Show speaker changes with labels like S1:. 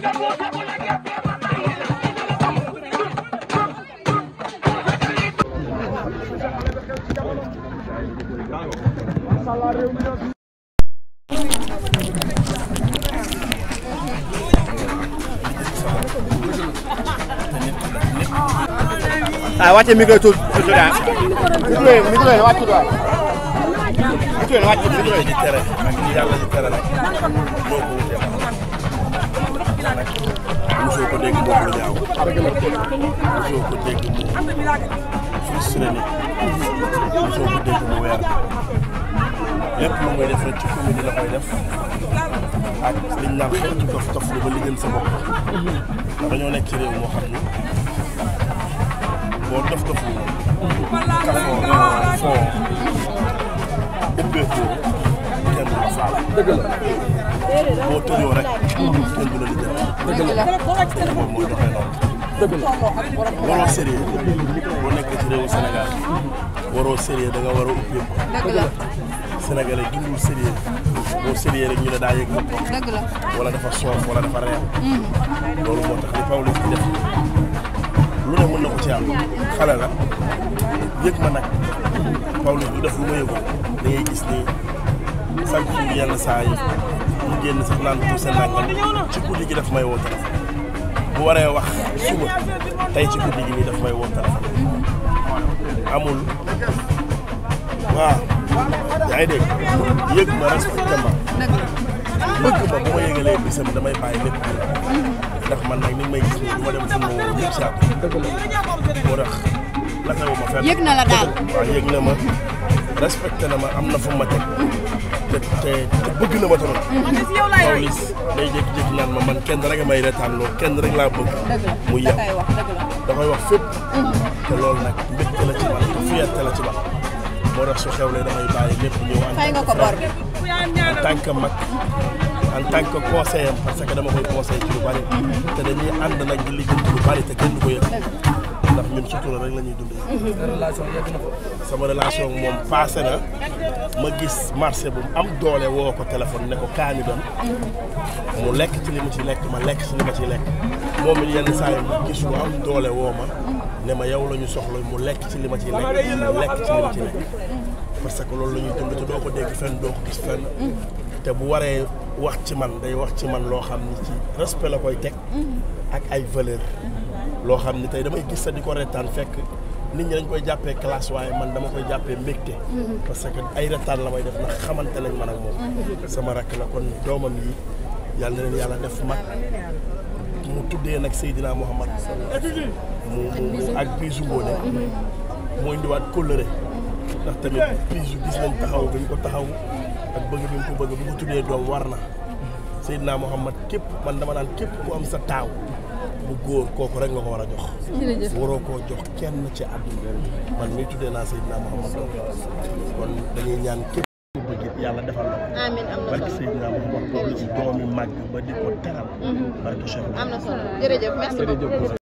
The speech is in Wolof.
S1: waaw ah, wàcce micro tuut tuut daal ah. micro yi micro yi wàccu daal ah. micro yi wàccu micro yi di tere ak yàlla di tere rek mosoo ko dégg mbokk la jaaw mosoo ko dégg mu frustré mosoo ko dégg mu weer lépp mu koy def rek ci commune la koy def ak liñ naan xel ci dof dof li ba liggéeyal sa bopp dañoo nekk ci réew moo xam ni boo dof dof kafoo foo ubbeekoo kenn du la faal dëgg la boo tëjoo rek. kenn la liggéey. dëgg la mooy doxee waroo sérieux boo nekk ci réewu Sénégal waroo sérieux da nga war a yëpp. dëgg la Sénégalais boo sérieux rek ñu daa yëg boppam. dëgg la dafa soof wala dafa reer. loolu moo tax di def lu ne mën na ko ci def lu ma yëgul da ngay gis ni sant yàlla saa yi. mu génn na naan pour seen nangam ci guddi gi daf may woo téléphone bu waree wax suba tey ci guddi gi nii daf may woo téléphone amul waaw yaa ngi dégg yëg ma respecté ma bëgg ma bu ma yëgalee bisam damay bàyyi lépp ndax man nag ni ma dem fu ma woo ñëpp si àpp moo tax la xew ma fenn yëg na la daal waaw yëg na ma respecté na ma am na fu ma teg te te bëgg na ma tamit. Pawlish day jékki ma man kenn rek may retaan loolu kenn rek laa bëgg. muy yow da koy wax fépp. Mm-hmm. te loolu nag mbégte la ci man te fierté la ci man moo tax su xewlee damay bàyyi lépp ñëw. fay nga ko bor en tant que mag en tant que parce que dama koy conseiller ci lu bari. Mm-hmm. te dañuy ànd nag di lijjanti lu bari te kenn du ko yëg. ñun sutura rek la ñuy dundee. Mhm. relation yegg na sama relation moom passé na ma gis marché bu am doole woo ko téléphone ne ko kaani doon mu lekk ci li mu ci lekk ma lekk ci ma ci lekk moom it yenn saa yi mu am doole woo ma ne ma yow la ñu soxla mu lekk ci li ma ci lekk mu lekk ci parce que loolu la ñuy dund te doo ko dégg fenn doo ko gis fenn. te bu waree wax ci man day wax ci man loo xam ni ci respect la koy teg mhm. ak ay valeur loo xam ne tey damay gis sa di ko retaan fekk nit ñi dañ koy jàppee classe waaye man dama koy jàppee mbégte. Mm-hmm. parce que ay retaan la may def ndax xamante nañ man ak moom. Mm-hmm. sama rakk la kon doomam yàlla na yàlla def mag mu tuddee nag Seydina Mouhamad. mu mu ak Bijou Ngoné. Mm-hmm. moo indiwaat kóllëre. ndax tamit Bijou gis nañ taxaw bi ñu ko taxaw ak bëgg bi ñu ko bëgg bu ko tuddee doom war na Seydina Mouhamad képp man dama naan képp ku am sa taaw. bu góor kooku rek nga ko war a jox. waroo koo jox kenn ci àdduna man mi tuddee naa Seydina Muhammad kon dañuy ñaan ko ku bëgg yàlla defal la ko. amiin am na solo barke Seydina Muhammad boobu ci doomi màgg ba di ko teral. Mhm. barke Cheikh am na solo jërëjëf